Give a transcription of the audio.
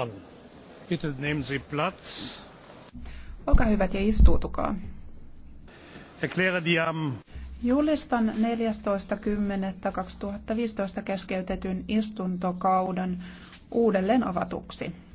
an. Bitte nehmen Sie Platz. Olkaa hyvät ja istuutukaa. Erkläre die am Julistan 14.10.2015 keskeytetyn istuntokauden uudelleen avatuksi.